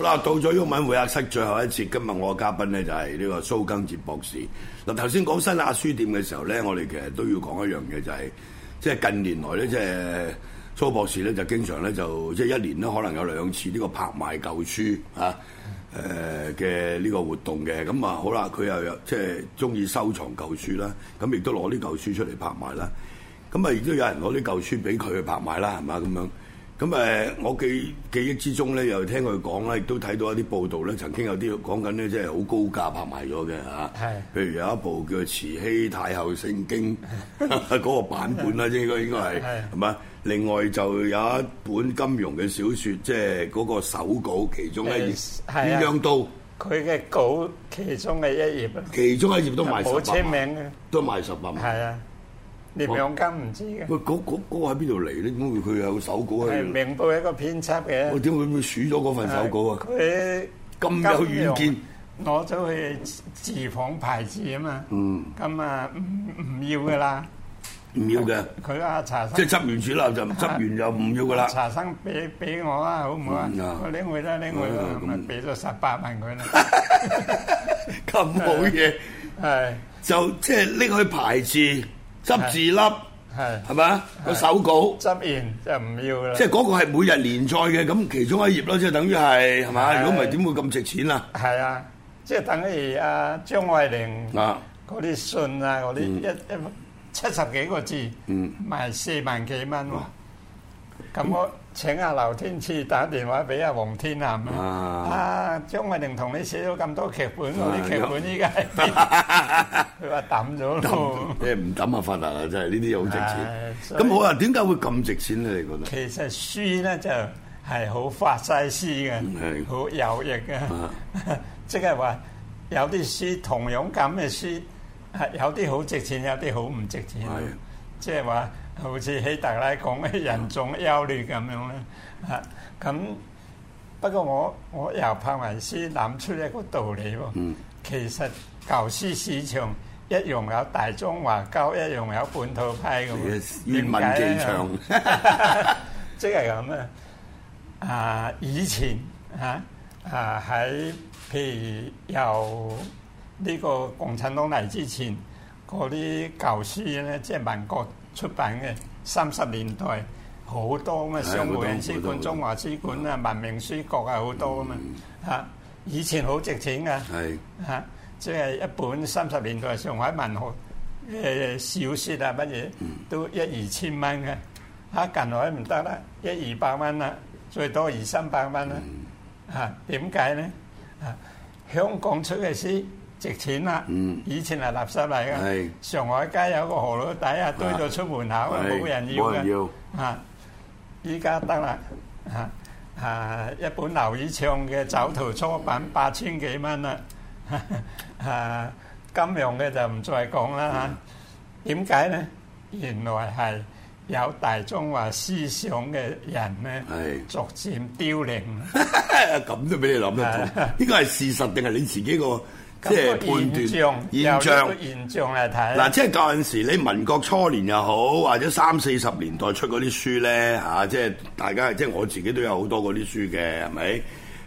好啦，到咗英文會客室最後一節，今日我嘅嘉賓咧就係呢個蘇賡哲博士。嗱，頭先講新亞書店嘅時候咧，我哋其實都要講一樣嘢，就係即係近年來咧，即係蘇博士咧就經常咧就即係一年咧可能有兩次呢個拍賣舊書啊誒嘅呢個活動嘅。咁啊好啦，佢又有即係中意收藏舊書啦，咁亦都攞啲舊書出嚟拍賣啦。咁啊亦都有人攞啲舊書俾佢去拍賣啦，係咪？咁樣。咁誒，我記記憶之中咧，又聽佢講咧，亦都睇到一啲報道咧，曾經有啲講緊咧，即係好高價拍賣咗嘅嚇。係。譬如有一部叫《慈禧太后聖經》嗰個版本啦，應該應該係係嘛。另外就有一本金庸嘅小説，即係嗰個手稿其中一頁，邊樣刀？佢嘅稿其中嘅一頁，其中一頁都賣十八萬，都賣十八萬。係啊。你兩金唔知嘅？喂，嗰嗰嗰個喺邊度嚟咧？咁佢佢有手稿喺？係明報一個編輯嘅。我點會唔會數咗嗰份手稿啊？咁有遠見，攞咗去字房牌子啊嘛。嗯。咁啊，唔唔要噶啦。唔要嘅。佢阿查生即係執完字啦，就執完就唔要噶啦。查生俾俾我啦，好唔好啊？啊！拎去啦，拎去啦。俾咗十八萬佢啦，咁好嘢。係。就即係拎去牌子。執字粒係係咪個手稿執完即係唔要啦。即係嗰個係每日連載嘅，咁其中一頁咯，即係等於係係咪？如果唔係，點會咁值錢啊？係啊，即係等於阿張愛玲啊嗰啲信啊，嗰啲一一七十幾個字，賣四萬幾蚊喎。咁、嗯、我請阿劉天賜打電話俾阿黃天啊！啊張惠玲同你寫咗咁多劇本，我啲、啊、劇本依家係邊？佢話抌咗咯。即係唔抌啊！發達啊！真係呢啲好值錢。咁、啊、我話點解會咁值錢咧？你覺得？其實書咧就係好發晒詩嘅，好的有益啊！即係話有啲書同樣咁嘅書，係有啲好值錢，有啲好唔值錢。即係話。好似希特拉講嘅人種優劣咁樣咧，啊咁不過我我又拍埋先諗出一個道理喎。其實舊書市場一樣有大中華膠，一樣有本土派嘅。英文既長，即係咁啊！啊以前嚇啊喺譬如由呢個共產黨嚟之前嗰啲舊書咧，即係民國。出版嘅三十年代好多啊嘛，商務印書館、中華書館啊、文明書局啊好多啊嘛嚇，以前好值錢噶嚇，即係一本三十年代上海文學誒小説啊乜嘢都一二千蚊嘅，嚇近來唔得啦，一二百蚊啦，最多二三百蚊啦嚇，點解咧嚇？香港出嘅書。值錢啦！以前係垃圾嚟噶，上海街有個河佬底啊，堆到出門口，冇人要嘅。啊，依家得啦！啊啊，一本劉以鬯嘅《酒徒》初版八千幾蚊啦！啊，金庸嘅就唔再講啦嚇。點解咧？原來係有大中華思想嘅人咧，逐漸凋零。咁都俾你諗得通？呢個係事實定係你自己個？即係判斷現象，現象嚟睇。嗱、啊，即係舊陣時，你民國初年又好，或者三四十年代出嗰啲書咧嚇、啊，即係大家，即係我自己都有好多嗰啲書嘅，係咪？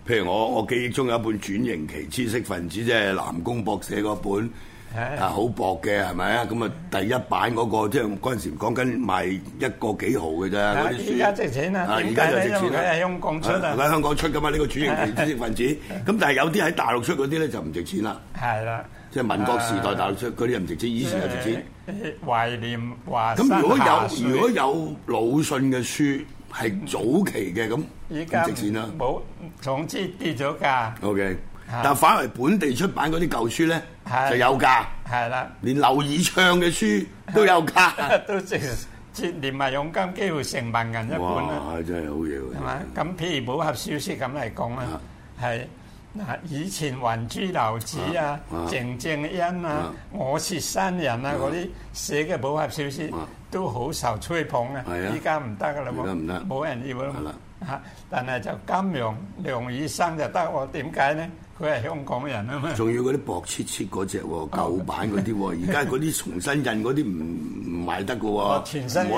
譬如我，我記憶中有一本《轉型期知識分子》，即係南宮博寫嗰本。啊，好薄嘅，係咪啊？咁啊，第一版嗰個即係嗰陣時講緊賣一個幾毫嘅啫。嗰啲書而家值錢啊？而家就值錢啊？因為喺香港出啊，喺香港出噶嘛。呢個主型知識分子，咁但係有啲喺大陸出嗰啲咧就唔值錢啦。係啦，即係民國時代大陸出嗰啲就唔值錢，以前就值錢。懷念華山。咁如果有如果有魯迅嘅書係早期嘅咁，咁值錢啦。冇，總之跌咗價。OK。但反為本地出版嗰啲舊書咧，就有價。係啦，連劉以鬯嘅書都有價，都值千，連埋佣金，幾乎成萬銀一本啦。哇！真係好嘢喎。係嘛？咁譬如《武俠小説》咁嚟講啦，係嗱，以前還珠樓主啊、鄭證因啊、我是山人啊嗰啲寫嘅武俠小説，都好受吹捧啊。係啊！依家唔得啦，冇人要啦。係啦。嚇！但係就金庸、梁羽生就得喎？點解咧？佢係香港人啊。仲要嗰啲薄切切嗰隻喎，舊版嗰啲喎，而家嗰啲重新印嗰啲唔唔賣得嘅喎，我全新一路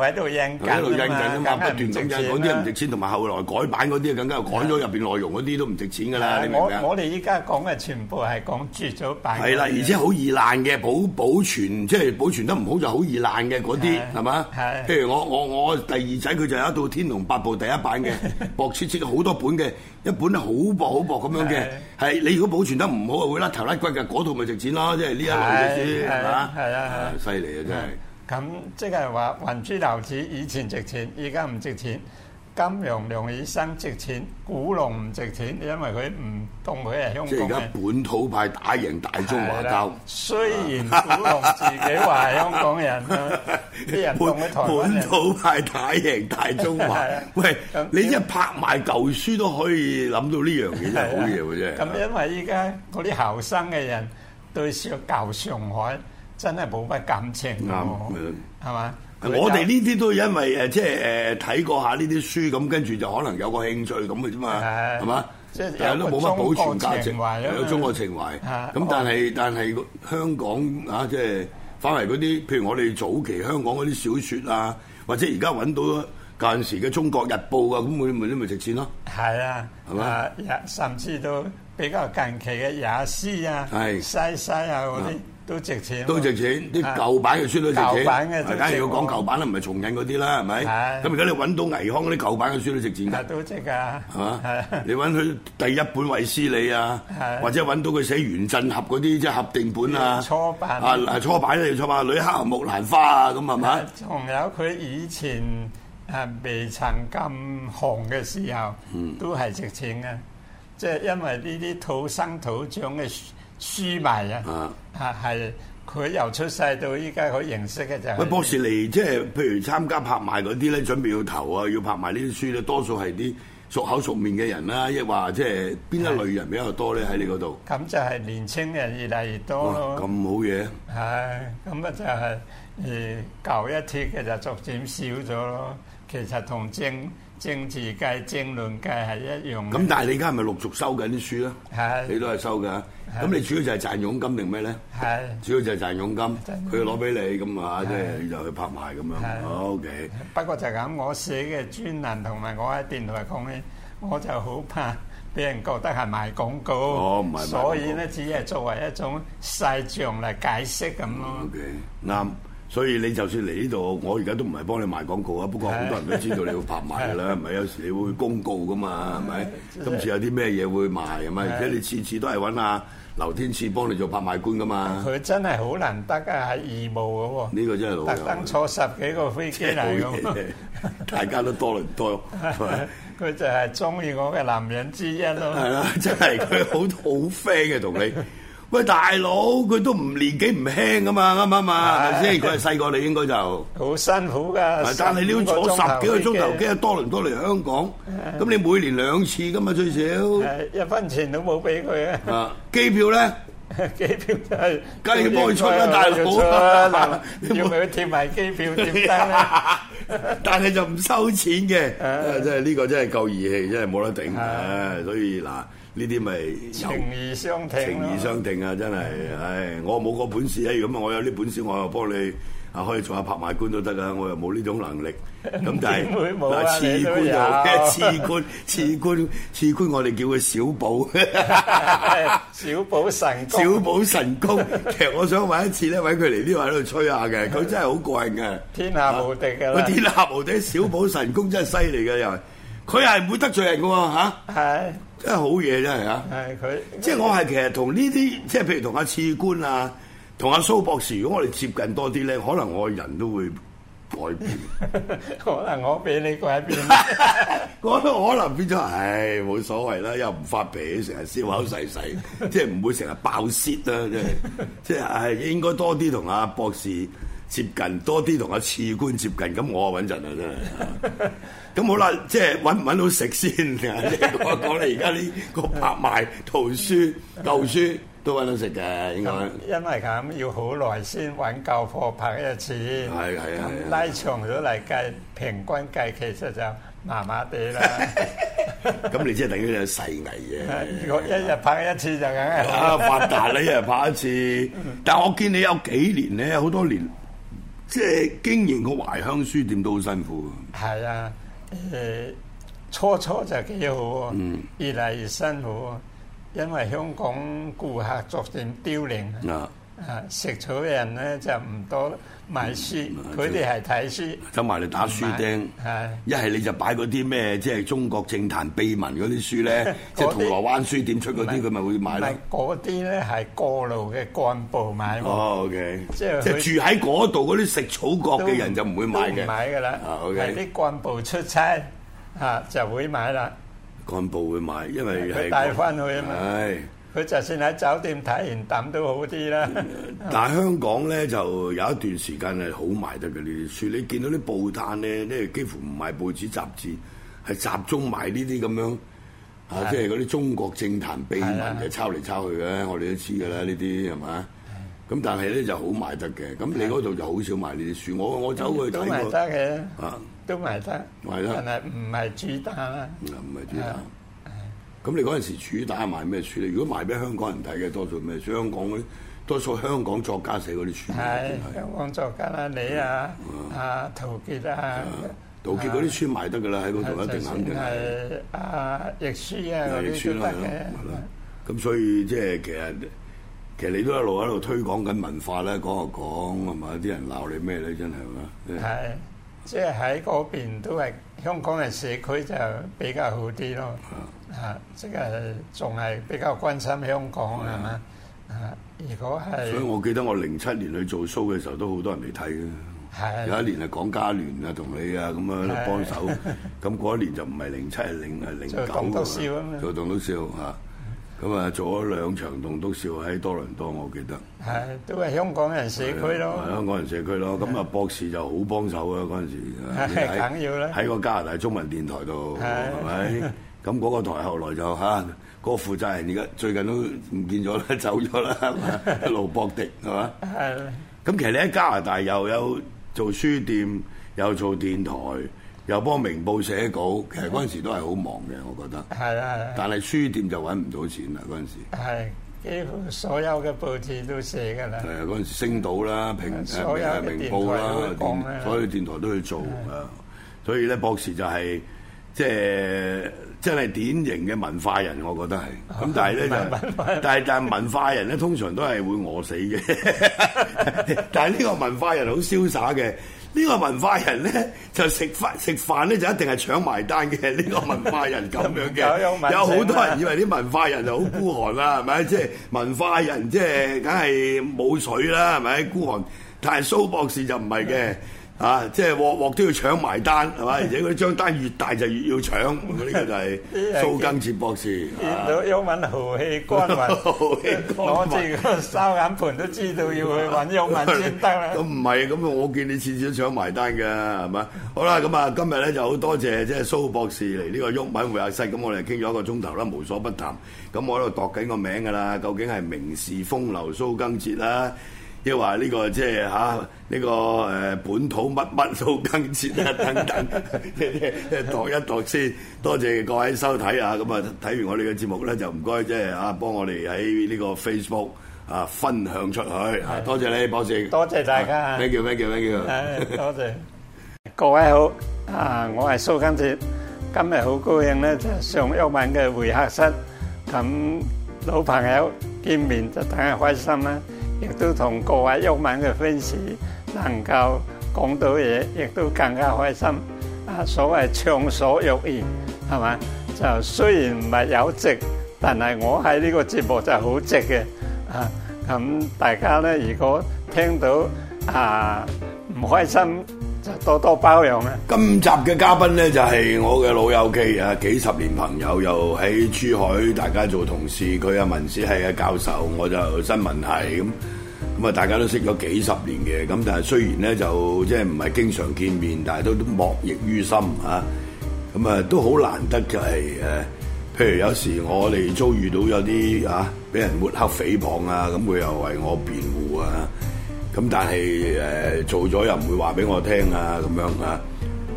喺度印緊啊嘛，不斷咁印，嗰啲唔值錢，同埋後來改版嗰啲更加改咗入邊內容嗰啲都唔值錢㗎啦，你明唔明？我哋依家講嘅全部係講絕咗版，係啦，而且好易爛嘅，保保存即係保存得唔好就好易爛嘅嗰啲係嘛？譬如我我我第二仔佢就有一套《天龍八部》第一版嘅薄切切好多本嘅，一本好薄好薄咁。嘅係你如果保存得唔好啊，就會甩頭甩骨㗎，嗰度咪值錢咯，即係呢一類嘅書係咪啊？係啊，係啊，犀利啊，啊係啊真係。咁即係話雲珠樓紙以前值錢，而家唔值錢。金庸梁羽生值錢，古龍唔值錢，因為佢唔同佢係香港嘅。即係而家本土派打贏大中華膠。雖然古龍自己話係香港人，啲人同佢台。本土派打贏大中華，喂，你一拍賣舊書都可以諗到呢樣嘢，好嘢嘅啫。咁因為依家嗰啲後生嘅人對上舊上海真係冇乜感情，係嘛？我哋呢啲都因為即係誒睇過下呢啲書，咁跟住就可能有個興趣咁嘅啫嘛，係嘛的？吧即係都冇乜保存價值，中有中國情懷。咁但係但係香港啊，即係返嚟嗰啲，譬如我哋早期香港嗰啲小説啊，或者而家揾到舊陣時嘅《中國日報》啊，咁會哋咪都咪值錢咯。係啊，係嘛？甚至到比較近期嘅也斯啊，西西的啊嗰啲。都值錢，都值錢。啲舊版嘅書都值錢。大家嘅梗要講舊版啦，唔係重印嗰啲啦，係咪？咁而家你揾到倪匡嗰啲舊版嘅書都值錢㗎。都值㗎，係嘛？你揾佢第一本《衛斯理》啊，或者揾到佢寫《原振俠》嗰啲即係合訂本啊。初版啊，初版咧，初啊，「女黑俠木蘭花》啊，咁係咪？仲有佢以前誒未曾咁紅嘅時候，都係值錢嘅。即係因為呢啲土生土長嘅輸埋啊！啊，係佢、啊、由出世到依家，佢認識嘅就係。喂，博士嚟，即、就、係、是、譬如參加拍賣嗰啲咧，準備要投啊，要拍賣呢啲書咧，多數係啲熟口熟面嘅人啦，亦話即係邊一類人比較多咧？喺你嗰度。咁、啊、就係年輕人越嚟越多咯。咁、啊、好嘢。係、啊，咁啊就係而舊一帖嘅就逐漸少咗咯。其實同正。政治界、政論界係一樣。咁但係你而家係咪陸續收緊啲書啊？係，你都係收嘅。咁你主要就係賺佣金定咩咧？係，主要就係賺佣金。佢攞俾你咁啊，即係就去拍賣咁樣。OK。不過就係咁，我寫嘅專欄同埋我喺電台講嘅，我就好怕俾人覺得係賣廣告。哦，唔係。所以咧，只係作為一種細像嚟解釋咁咯。OK，啱。所以你就算嚟呢度，我而家都唔係幫你賣廣告啊。不過好多人都知道你要拍賣噶啦，係咪？有時你會公告噶嘛，係咪？今次有啲咩嘢會賣，係咪？而且你次次都係揾阿劉天賜幫你做拍賣官噶嘛。佢真係好難得啊，係義務嘅喎。呢個真係特登坐十幾個飛機嚟，大家都多倫多。佢就係中意我嘅男人之一咯。係啊，真係佢好好 friend 嘅同你。喂，大佬，佢都唔年紀唔輕噶嘛，啱唔啱啊？即係佢係細過你，應該就好辛苦噶。但係你要坐十幾個鐘頭機，多倫多嚟香港，咁你每年兩次噶嘛最少。一分錢都冇俾佢啊！機票咧，機票梗係幫佢出啦，大佬。要唔要貼埋機票？但係就唔收錢嘅。即係呢個真係夠義氣，真係冇得頂。所以嗱。呢啲咪情義相挺，情義相挺啊！真係，唉，我冇個本事啊。如果咁我有呢本事，我又幫你啊，可以做下拍賣官都得啦。我又冇呢種能力，咁但係嗱，次官又次官，次官，次官，我哋叫佢小寶，小寶神，小寶神功。其實我想揾一次咧，揾佢嚟呢度喺度吹下嘅，佢真係好過癮嘅，天下無敵嘅，天下無敵，小寶神功真係犀利嘅，又佢係唔會得罪人㗎喎吓。係。真係，好嘢，真係啊！係，佢即係我係，其實同呢啲，即係譬如同阿次官啊，同阿蘇博士，如果我哋接近多啲咧，可能我人都會改變。 可能我畀你改變， 我都可能變咗。唉，冇所謂啦，又唔發脾氣，成日笑口噬噬，即係唔會成日爆泄啦。即係即係，應該多啲同阿博士。接近多啲同阿次官接近，咁我啊穩陣啦，真係。咁好啦，即係揾唔揾到食先？你講講你而家呢個拍賣圖書舊書都揾到食嘅，應該。因為咁要好耐先揾舊貨拍一次。係係啊。拉長咗嚟計平均計，其實就麻麻地啦。咁你即係等於有細藝嘅。我一日拍一次就梗啊，發達，你一日拍一次，但我見你有幾年咧，好多年。即係經營個懷鄉書店都好辛苦。係啊，誒、呃，初初就幾好啊，嗯、越嚟越辛苦啊，因為香港顧客逐漸凋零啊。啊！食草嘅人咧就唔多買書，佢哋係睇書，走埋嚟打書釘。係一係你就擺嗰啲咩，即係中國政壇秘聞嗰啲書咧，即係銅鑼灣書店出嗰啲，佢咪會買咯。唔係嗰啲咧係過路嘅幹部買。哦，OK，即係住喺嗰度嗰啲食草角嘅人就唔會買嘅，唔買㗎啦。係啲幹部出差就會買啦。幹部會買，因為係帶翻去啊嘛。佢就算喺酒店睇完抌都好啲啦。但係香港咧就有一段時間係好賣得嘅呢啲書，你見到啲報攤咧，咧幾乎唔賣報紙雜誌，係集中埋呢啲咁樣嚇，即係嗰啲中國政壇秘聞就抄嚟抄去嘅。我哋都知㗎啦，呢啲係嘛？咁但係咧就好賣得嘅。咁你嗰度就好少賣呢啲書。我我走去睇都賣得嘅。都賣得。係啦。但係唔係主打啊？唔係主打。咁、嗯、你嗰陣時主打賣咩書咧？如果賣俾香港人睇嘅，多數咩書？香港嗰啲多數香港作家寫嗰啲書。係香港作家啦，你啊的啊陶傑啊，陶傑嗰啲書賣得㗎喇，喺嗰度一定肯定係啊，譯、就是、的書啊，譯書啦，咁所以即係其實其實你都一路喺度推廣緊文化咧，講，講就講係嘛？啲人鬧你咩咧？真係係係即係喺嗰邊都係香港嘅社區就比較好啲咯。即係仲係比較關心香港啊嘛！如果係，所以我記得我零七年去做 show 嘅時候，都好多人嚟睇咯。係，有一年係講加聯啊，同你啊咁啊幫手。咁過一年就唔係零七，係零係零九。就棟篤笑啊嘛！做棟篤笑嚇，咁啊做咗兩場棟篤笑喺多倫多，我記得。係都係香港人社區咯。香港人社區咯，咁啊博士就好幫手啊嗰陣時。梗要啦！喺個加拿大中文電台度，係咪？咁嗰個台後來就嗰個負責人而家最近都唔見咗啦，走咗啦。路博迪係嘛？係。咁其實你喺加拿大又有做書店，又做電台，又幫明報寫稿。其實嗰陣時都係好忙嘅，我覺得。係。但係書店就揾唔到錢啦，嗰陣時。係，幾乎所有嘅報紙都寫㗎啦。係啊，嗰陣時星島啦，平誒明報啦，所有電台都去做啊。所以咧，博士就係即係。真係典型嘅文化人，我覺得係咁，哦、但係咧文就，但係但係文化人咧，通常都係會餓死嘅。 但係呢個文化人好瀟灑嘅，呢、呢個文化人咧就食飯食飯咧就一定係搶埋單嘅。呢、呢個文化人咁樣嘅， 有好多人以為啲文化人就好孤寒啦，係咪？ 即、就、係、是、文化人即係梗係冇水啦，係咪？孤寒，但係蘇博士就唔係嘅。 啊！即係鑊鑊都要搶埋單，係嘛？ 而且嗰啲張單越大就越要搶，呢 個就係蘇賡哲博士。見，吧見到毓民豪氣幹雲，攞住個收銀盤都知道要去揾毓民先得啦。咁唔係，咁我見你次次都搶埋單㗎，係嘛？好啦，咁 啊，今日咧就好多謝即係蘇博士嚟呢個毓民會客室，咁我哋傾咗一個鐘頭啦，無所不談。咁我喺度度緊個名㗎啦，究竟係名士風流蘇賡哲啦、啊。即係話呢個即係嚇呢個誒本土乜乜蘇賡哲啊等等，度 一度先。多謝各位收睇啊！咁啊睇完我哋嘅節目咧，就唔該即係嚇幫我哋喺呢個 Facebook 啊分享出去。多謝你博士，多謝大家。Thank you, thank you, thank you。多謝各位好啊！我係蘇賡哲，今日好高興咧，上一晚嘅會客室同老朋友見面，就等係開心啦。亦都同各位毓民嘅 fans 能夠講到嘢，亦都更加開心。啊，所謂暢所欲言，係嘛？就雖然唔係有值，但係我喺呢個節目就好值嘅。啊，咁大家咧，如果聽到啊唔開心。多多包容啊！今集嘅嘉賓咧就係、是、我嘅老友記啊，幾十年朋友又喺珠海，大家做同事。佢阿文史系啊教授，我就有新聞系咁，咁啊，大家都識咗幾十年嘅。咁但係雖然咧就即係唔係經常見面，但係都都莫逆於心啊。咁啊都好難得就係、是、誒、啊，譬如有時我哋遭遇到有啲啊俾人抹黑誹謗啊，咁佢又為我辯護啊。咁但係做咗又唔會話俾我聽啊咁樣啊，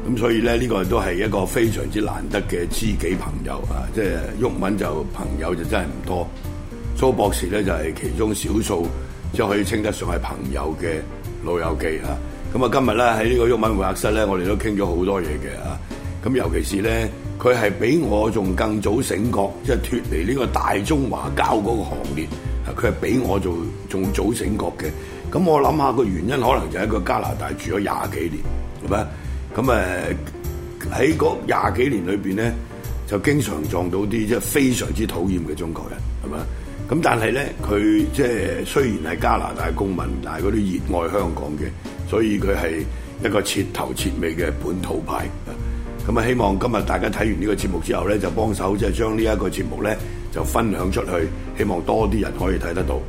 咁所以咧呢、呢個都係一個非常之難得嘅知己朋友啊，即係毓民就朋友就真係唔多，蘇博士咧就係、是、其中少數即係可以稱得上係朋友嘅老友記啊。咁啊今日咧喺呢個毓民會客室咧，我哋都傾咗好多嘢嘅啊。咁、啊、尤其是咧，佢係比我仲更早醒覺，即係脫離呢個大中華膠嗰個行列，佢、啊、係比我仲仲早醒覺嘅。咁我諗下個原因，可能就係一個加拿大住咗廿幾年，係咪？咁喺嗰廿幾年裏面咧，就經常撞到啲即係非常之討厭嘅中國人，係咪？咁但係咧，佢即係雖然係加拿大公民，但係嗰啲熱愛香港嘅，所以佢係一個徹頭徹尾嘅本土派。咁啊，希望今日大家睇完呢個節目之後咧，就幫手即係將呢一個節目咧就分享出去，希望多啲人可以睇得到。